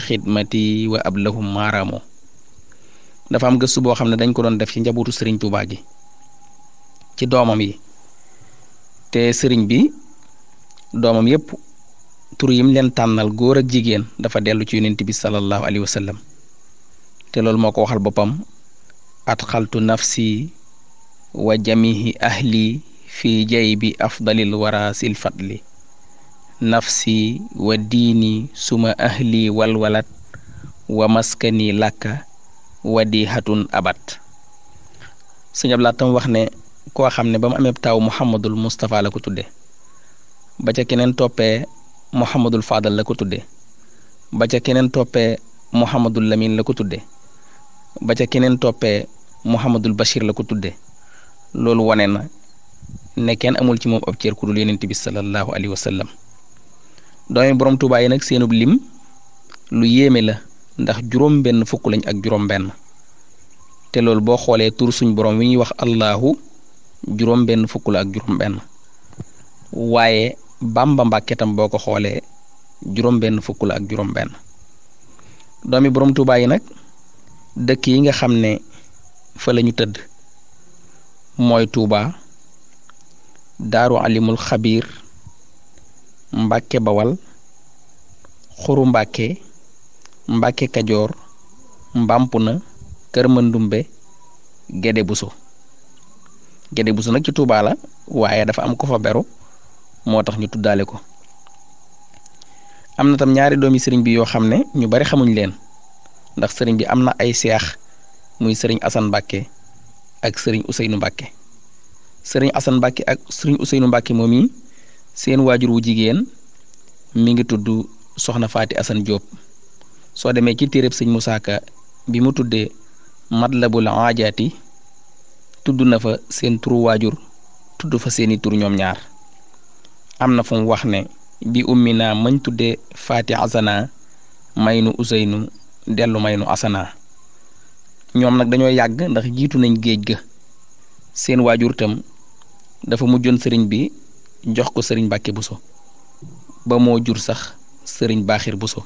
xidmati wa ab lahum maaraamoo dafa am gëstu boo xam ne dañ ko doon def ci njabootu sëriñ Tuubaa gi ci doomam yi te sëriñ bi doomam yépp tur yim leen tànnal góor ak jigéen dafa dellu ci yonent bi sallallahu alayhi wa te loolu moo ko waxal boppam xaltu nafsi wa jamihi ahli fi jaybi afdalil warasil fadli nafsi wa diini suma ahli walwalat wa maskani làkka wa di hatun abat sëñ Abdul tam wax ne koo xam ne ba mu amee taaw Muhammadul Moustapha la ko tudde ba ca keneen toppee Muhammadul Fadal la ko tudde ba ca keneen toppee Muhammadul Lamin la ko tudde ba ca keneen toppee Muhammadul Bachir la ko tudde loolu wone na ne kenn amul ci moom ab cër ku dul Yonent bi sallallahu alayhi wa sallam doomi boroom Tuubaa yi nag seenub lim lu yéeme la ndax juróom benn fukk lañ ak juróom benn te loolu boo xoolee tur suñ borom wi ñuy wax Allahu juróom benn fukk la ak juróom benn waaye Bàmba Mbàkke boo ko xoolee juróom fukk la ak juróom doomi borom Tuubaa yi nag dëkk yi nga xam ne fa lañu tëdd mooy Tuubaa Daaru Alimul Xabiir mbàkke bawal xuru mbàkke mbàkke kajoor mbampuna kër mandumbe gede buso gede buso nag ci Touba la waaye dafa am ko fa beru moo tax ñu tuddaale ko am na tam ñaari doomi sëriñ bi yoo xam ne ñu bari xamuñ leen ndax sëriñ bi am na ay seex muy sëriñ Assane Mbacke ak sëriñ Ousseynou Mbacke sëriñ Assane Mbacke ak sëriñ Ousseynou Mbacke moom yi seen waajur wu jigéen mi ngi tudd soxna faati asan jóob soo demee ci téereb sëñ Moussa Ka bi mu tuddee mat la matlabul aajaati tudd na fa seen turu waajur tudd fa seeni tur ñoom ñaar am na fu mu wax ne bi ummi naa mañ tuddee faati asana may nu useynu dellu may nu asana ñoom nag dañoo yàgg ndax jiitu nañ géej ga seen waajur tam dafa mujjoon sëriñ bi jox ko sëriñ bu so ba moo jur sax sëriñ Baaxir Buso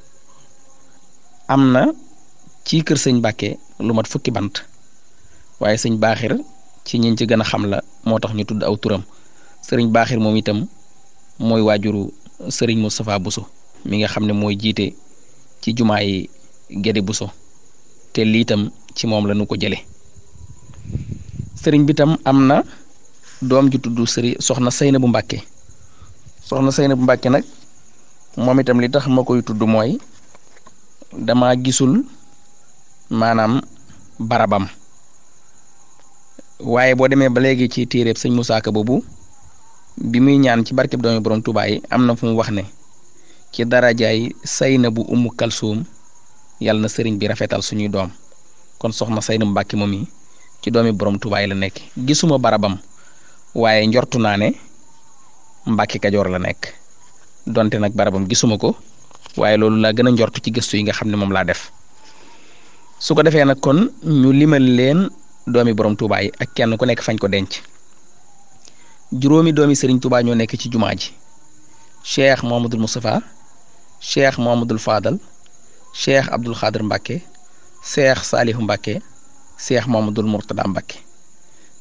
am na ci kër sëñ Mbàkke lu mat fukki bant waaye sëñ Baaxir ci ñiñ ci gën a xam la moo tax ñu tudd aw turam sëriñ Baaxir moom itam mooy waajuru sëriñ Moustapha Buso mi nga xam ne mooy jiite ci jumaa yi Gédé Buso te lii tam ci moom la ñu ko jële sëriñ bi tam am na doom ji tudd sëri soxna bu Mbàkke soxna bu Mbàkke nag moom itam li tax ma koy tudd mooy dama gisul maanaam barabam waaye boo demee ba léegi ci téeréeb sëñ Moussa Ka boobu bi muy ñaan ci barkeb doomi borom Tuubaa am na fu mu wax ne ci darajaay Saynabu Umu Kalsuum yàlla na sëriñ bi rafetal suñuy doom kon soxna Saynabu Mbàkke moom yi ci doomi borom Tuubaa la nekk gisuma barabam waaye njortu naa ne Mbàkke Kajoor la nekk donte nag barabam gisuma ko waaye loolu laa gën a njort ci gëstu yi nga xam ne moom laa def su ko defee nag kon ñu limal leen doomi borom Touba ak kenn ku nekk fañ ko denc juróomi doomi Serigne Touba ñoo nekk ci jumaa ji cheikh Mohamadul Moustapha cheikh Mohamadul Fadal cheikh Abdul Xaadir Mbacke cheikh Saalihu Mbacke cheikh Mohamadul Mourtada Mbacke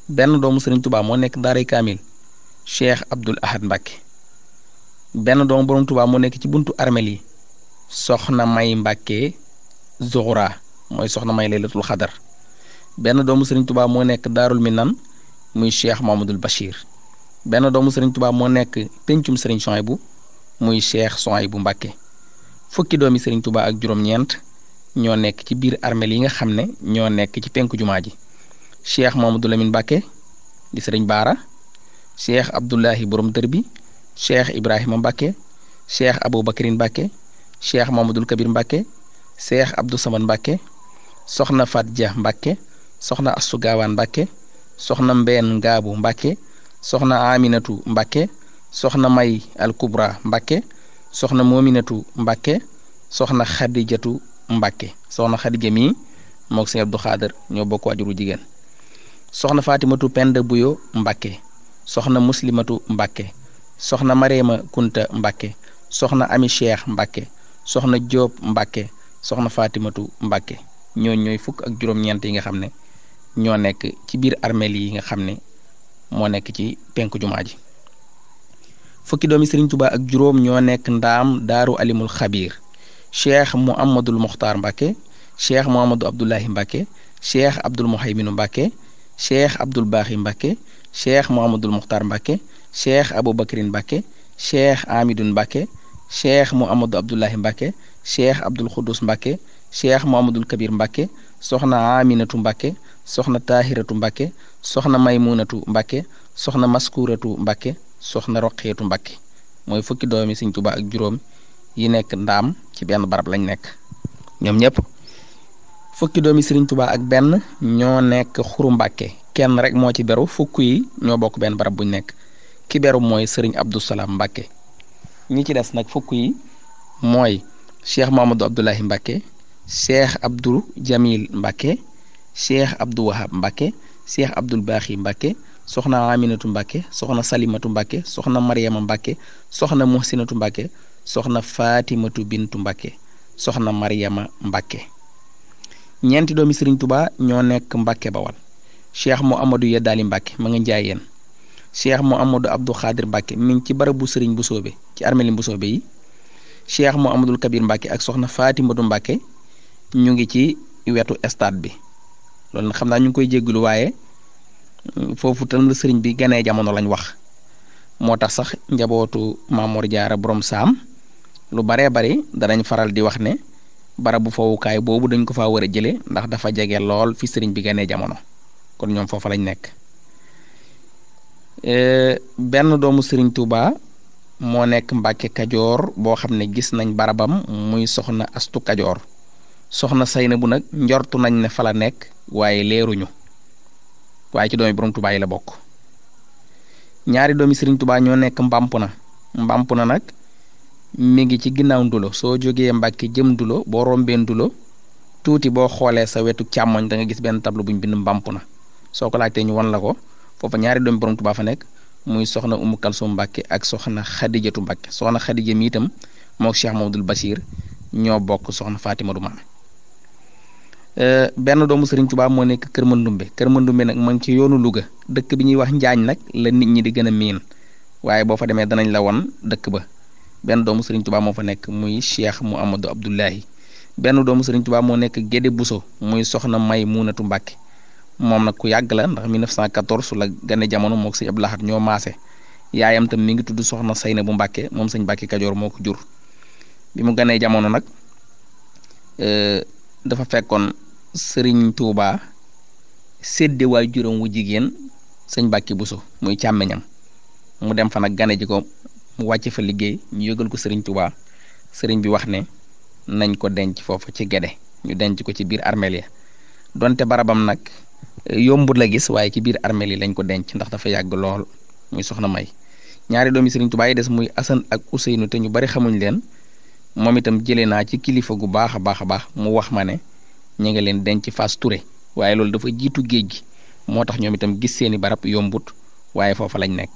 benn doomu seriñ Touba moo nekk daaray Kaamil Cheikh Abdoul Ahad Mbacke benn doomu borom Touba moo nekk ci buntu armel yi soxna May Mbacke Zuhra mooy soxna May laylatul xadar benn doomu Serigne Touba moo nekk daarul Minan muy Cheikh Mamadul Bachir benn doomu Serigne tubaab moo nekk pencum Serigne Souhaïbou muy Cheikh bu Mbacke fukki doomi Serigne tubaab ak juróom-ñeent ñoo nekk ci biir armel yi nga xam ne ñoo nekk ci penku jumaa ji. cheikh Mamadou Lamine Mbacke di sëriñ Baara cheikh Abdoulahi borom dër bi cheikh Ibrahima Mbacke cheikh Aboubacrine Mbacke cheikh Mamadou Kabir Mbacke cheikh Abdou Samad Mbacke soxna Fat Dia Mbacke soxna Astou Gawane Mbacke soxna Mbène Ngaabu Mbacke soxna Aminatu Mbacke soxna May Al Kubra soxna Mominatu Mbacke soxna Xadijatu Mbacke soxna Xadija mii moog sëñ Abdou Xaadar ñoo bokk waajuru jigéen. soxna faatimatu Penda Buyo Mbacke soxna Muslimatu Mbacke soxna Marema Kunta Mbacke soxna Ami Cheikh Mbacke soxna Diop Mbacke soxna Fatimatu Mbacke ñooñu ñooy fukk ak juróom-ñeent yi nga xam ne ñoo nekk ci biir armeel yi nga xam ne moo nekk ci penku jumaa ji fukki doomi Serigne Touba ak juróom ñoo nekk ndaam daaru alimul xabiir cheikh Muhammadul Muxtaar Mbacke cheikh Muhammadu Abdullahi Mbacke cheikh Abdul Muhayminu Mbacke. cheikh Abdoul Baaxi Mbacke cheikh Mouhamadul Muxtaar Mbacke cheikh Aboubacrin Mbacke cheikh Amidoun Mbacke cheikh Mouhamadou Abdoulahi Mbacke cheikh Abdoul Khoudous Mbacke cheikh Mouhamadul Kabir Mbacke soxna Aminatu Mbacke soxna Tahiratu Mbacke soxna Maymunatu Mbacke soxna Maskuratu Mbacke soxna Roqeetu Mbacke mooy fukki doomi Sëñ Tuubaa ak juróom yi nekk ndaam ci benn barab lañ nekk ñoom ñëpp. fukki doomi sëriñ tubaa ak benn ñoo nekk xuru mbàkke kenn rek moo ci beru fukk yi ñoo bokk benn barab buñ nekk ki beru mooy sëriñ abdou salaam mbàkke ñi ci des nag fukk yi mooy cheikh mahamadou abdoulahi mbàkke cheikh abdou jamil mbàkke cheikh abdou wahab mbàkke cheikh abdoul baaxi mbàkke soxna aminatu mbàkke soxna salimatu mbàkke soxna mariama mbàkke soxna muhsinatu mbàkke soxna fatimatu bintu mbàkke soxna mariama mbàkke ñeenti doomi Serigne tubaa ñoo nekk Mbacke Bawal Cheikh Mouhamadou Yeddaali Mbacke ma ngi jaay yéen Cheikh Mouhamadou Abdou Khadir Mbacke mi ngi ci barabu Serigne bu soobe ci armeli bu soobe yi Cheikh Mouhamadou Kabir Mbacke ak soxna Fatimatu Mbacke ñu ngi ci wetu stade bi loolu nag xam naa ñu ngi koy jégglu waaye euh, foofu tam la sëriñ bi ganee jamono lañu wax moo tax sax njabootu Maamoor Jaara borom saam lu baree bari danañ faral di wax ne barabu fowukaay boobu dañ ko fa war a jële ndax dafa jege lool fi sëriñ bi ganee jamono kon ñoom foofa lañu nekk euh, benn doomu sëriñ Touba moo nekk Mbàkke Kajoor boo xam ne gis nañ barabam muy soxna astu Kajoor soxna Sayna bu nag njortu nañ ne fa la nekk waaye leeruñu waaye ci doomi borom Touba la bokk ñaari doomi sëriñ Touba ñoo nekk na Mbampuna na nag mi ngi ci ginnaaw ndulo soo jógee Mbàkke jëm ndulo boo rombee ndulo tuuti boo xoolee sa wetu càmmoñ da gis benn tableau bu ñu bind mbàmp na soo ko laajtee ñu wan la ko foofa ñaari doomi borom Tuubaa fa nekk muy soxna Umu Kalsum Mbàkke ak soxna Xadijatu Mbàkke soxna Xadija mi itam moog Cheikh Mamadul Bachir ñoo bokk soxna Fatima du Maame euh, benn doomu Serigne Touba moo nekk Kër Mandumbe Kër Mandumbe nag ma ci yoonu Louga dëkk bi ñuy wax Njaañ nag la nit ñi di gën a miin waaye boo fa demee danañ la won dëkk ba benn doomu Serigne Touba moo fa nekk muy Cheikh Mouhamadou Abdoulahi benn doomu Serigne Touba moo nekk Gédé Bousso muy soxna May Muunatu Mbàkke moom nag ku yàgg la ndax 1914 la gane jamono moog sëñ ñoo maase yaayam tam mi ngi tudd soxna Sayna bu Mbàkke moom sëñ Mbàkke moo ko jur bi mu ganee jamono nag euh, dafa fekkoon sëriñ Touba sédde waay juróom wu jigéen sëñ Mbàkke buso muy càmmeñam mu dem fa nag gane ji ko mu wàcc fa liggéey ñu yëgal ko sëriñ Tuubaa sëriñ bi wax ne nañ ko denc foofu ci gede ñu denc ko ci biir armeel ya donte barabam nag eh, yombut la gis waaye ci biir armeel yi lañ ko denc ndax dafa yàgg lool muy soxna May ñaari doomi sëriñ Tuubaa yi des muy Asan ak Useynu te ñu bari xamuñu leen moom itam jëlee naa ci kilifa gu baax a baax a baax mu wax ma ne ñu nga leen denc fas ture waaye loolu dafa jiitu géej gi moo tax ñoom itam gis seeni barab yombut waaye foofa lañ nekk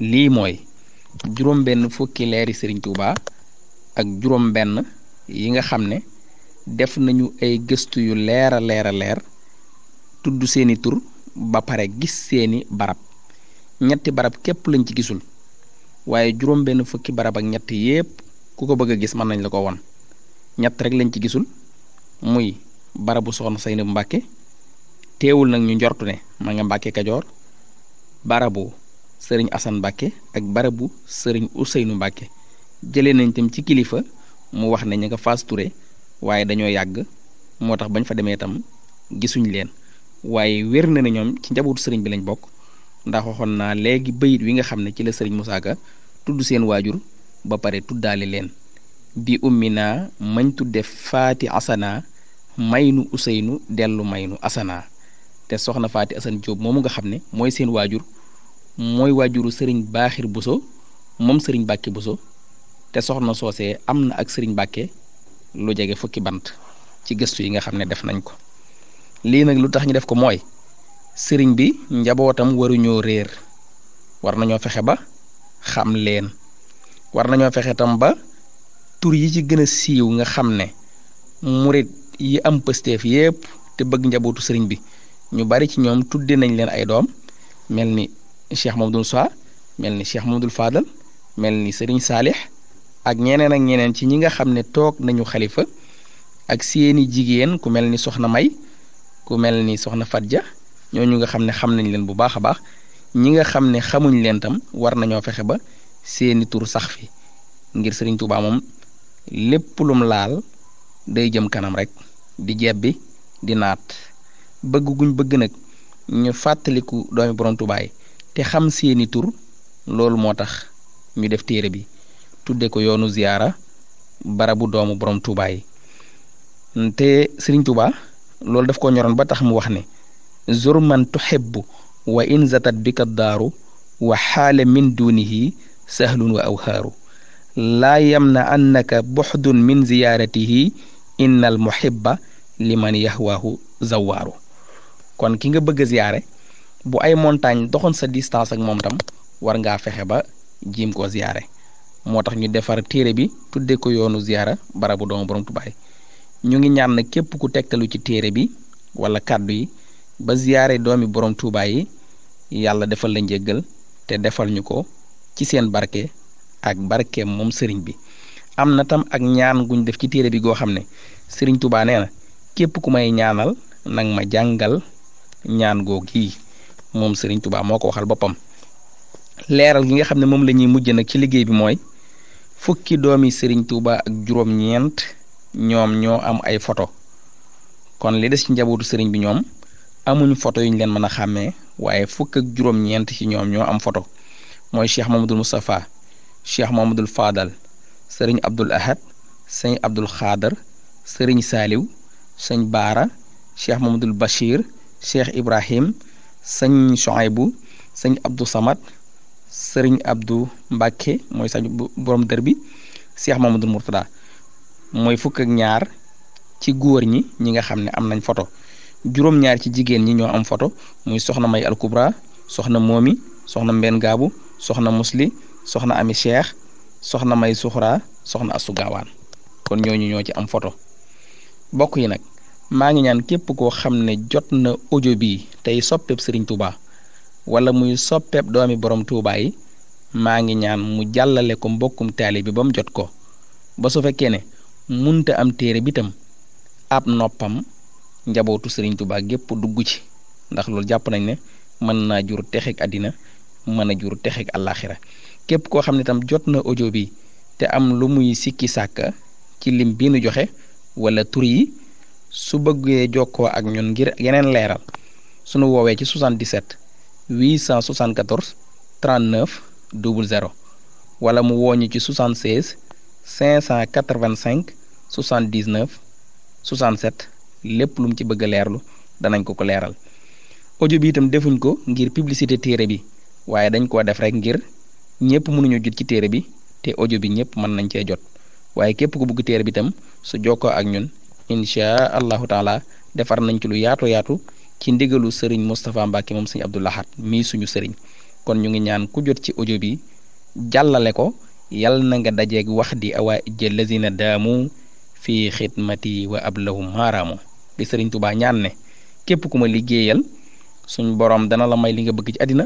lii mooy juróom-benn fukki leeri Serigne Touba ak juróom-benn yi nga xam ne def nañu ay gëstu yu leer a leer a leer tudd seeni tur ba pare gis seeni barab ñetti barab képp lañ ci gisul waaye juróom-benn fukki barab ak ñett yépp ku ko bëgg a gis mën nañ la ko won ñett rek lañ ci gisul muy barabu soxna Seynab Mbàkke teewul nag ñu njortu ne ma nga Mbàkke Kajoor barabu. sëriñ Assane Mbacke ak barabu sëriñ Ousseynou Mbacke jëlee nañ tam ci kilifa mu wax ne ñu nga fas ture waaye dañoo yàgg moo tax bañ fa demee tam gisuñ leen waaye wér na ne ñoom ci njabootu sëriñ bi lañ bokk ndax waxoon naa léegi bayit wi nga xam ne ci la sëriñ Moussa Ka tudd seen waajur ba pare tuddaale leen bi ummi naa mañ tudde faati asana maynu Ousseynou dellu may nu asana te soxna faati asan Diop moomu nga xam ne mooy seen waajur mooy waajuru sëriñ baaxir buso moom sëriñ bàkke boso te soxna soose am na ak sëriñ bàkke lu jege fukki bant ci gëstu yi nga xam ne def nañ ko lii nag lu tax ñu def ko mooy sëriñ bi njabootam waruñoo réer war nañoo fexe ba xam leen war nañoo fexe tam ba tur yi ci gën a siiw nga xam ne murit yi am pësteef yépp te bëgg njabootu sëriñ bi ñu bari ci ñoom tudde nañ leen ay doom mel ni Cheikh Mamadou Sow mel ni Cheikh dul Fadal mel ni sëriñ Saalix ak ñeneen ak ñeneen ci ñi nga xam ne toog nañu xalifa ak seeni jigéen ku mel ni Soxna May ku mel ni Soxna Fadja ñooñu nga xam ne xam nañ leen bu baax a baax ñi nga xam ne xamuñ leen tam war nañoo fexe ba seeni tur sax fi ngir sëriñ Touba moom lépp lum laal day jëm kanam rek di jeeb bi di naat bëgg guñ bëgg nag ñu fàttaliku doomi borom Touba te xam seeni tur loolu moo tax ñu def téere bi tuddee ko yoonu ziyaara barabu doomu boroom Touba te Sëriñ Touba loolu daf ko ñoroon ba tax mu wax ne zur man tuhibbu wa in zatat bika daaru wa xaale min dunihi sahlun wa awhaaru laa yamna annaka buxdun min ziyaaratihi innal muhibba liman yahwaahu zawaaru kon ki nga bëgg a ziyaare bu ay montagne doxoon sa distance ak moom tam war ngaa fexe ba jiim ko ziyaare moo tax ñu defar téere bi tudde ko yoonu ziyaara barabu doomu borom Tuubaa ñu ngi ñaan nag képp ku tekkalu ci téere bi wala kàddu yi ba ziyaare doomi borom Tuubaa yi yàlla defal la njéggal te defal ñu ko ci seen barke ak barkeem moom sëriñ bi am na tam ak ñaan guñ def ci téere bi goo xam ne sëriñ Tuubaa nee na képp ku may ñaanal nag ma jàngal ñaan goo gii moom Serigne Touba moo ko waxal boppam leeral gi nga xam ne moom lañuy mujj nag ci liggéey bi mooy fukki doomi sëriñ Touba ak juróom-ñeent ñoom ñoo am ay photo kon li des ci njabootu sëriñ bi ñoom amuñu photo yu ñu leen mën a xàmmee waaye fukk ak juróom-ñeent ci ñoom ñoo am photo mooy Cheikh Mamadou Moustapha Cheikh Mamadou Fadal Serigne Abdoul Ahad Sëñ Abdoul Khader Serigne Saliw Sëñ Baara Cheikh Mamadou Bachir Cheikh Ibrahim. sëñ bu sëñ Abdou Samad sëriñ Abdou Mbacke mooy sañ borom dër bi Cheikh Mamadou Mourtada mooy fukk ak ñaar ci góor ñi ñi nga xam ne am nañ foto juróom-ñaar ci jigéen ñi ñoo am photo muy soxna May Alkubra soxna Momi soxna Mbenn Gaabu soxna Musli soxna Ami Cheikh soxna May Suxra soxna Asu Gaawaan kon ñooñu ñoo ci am photo bokk yi nag. maa ngi ñaan képp koo xam ne jot na audio bii tey soppeeb sëriñ Touba wala muy soppeeb doomi borom Touba yi maa ngi ñaan mu jàllale ko mbokkum taali bi ba mu jot ko ba su fekkee ne munta am téere bi tam ab noppam njabootu sëriñ Touba gépp dugg ci ndax loolu jàpp nañ ne mën naa jur texeg àddina mën a jur texeg àllaaxira képp koo xam ne tam jot na audio bi te am lu muy sikki sàkka ci lim bi nu joxe walla tur yi su bëggee jokkoo ak ñun ngir yeneen leeral sunu woowee ci 77 874 39 00 wala mu wooñu ci 76 585 79 67 lépp lu ci bëgg leerlu danañ ko ko leeral ojo bi itam defuñ ko ngir publicité téere bi waaye dañ koo def rek ngir ñëpp mënuñu jot ci téere bi te ojo bi ñëpp mën nañ cee jot waaye képp ku bëgg téere bi itam su jokkoo ak ñun inchaa allahu taala defar nañ ci lu yaatu yaatu ci ndigalu sëriñ Moustapha Mbacke moom sëñ Abdou Lahad mii suñu sëriñ kon ñu ngi ñaan ku jot ci audio bi jàllale ko yal na nga dajeeg wax di awaa ijja lazina daamu fii xidmati wa ablahum maaraamu di sëriñ Tuubaa ñaan ne képp ku ma liggéeyal suñ borom dana la may li nga bëgg ci àddina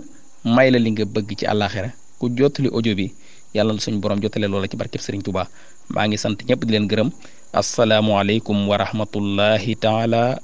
may la li nga bëgg ci àllaaxira ku jottali ojo bi yàlla na suñ borom jottale loola ci barkeb sëriñ Tuubaa maa ngi sant ñëpp di leen gërëm asalaamualeykum wa rahmatullahi taala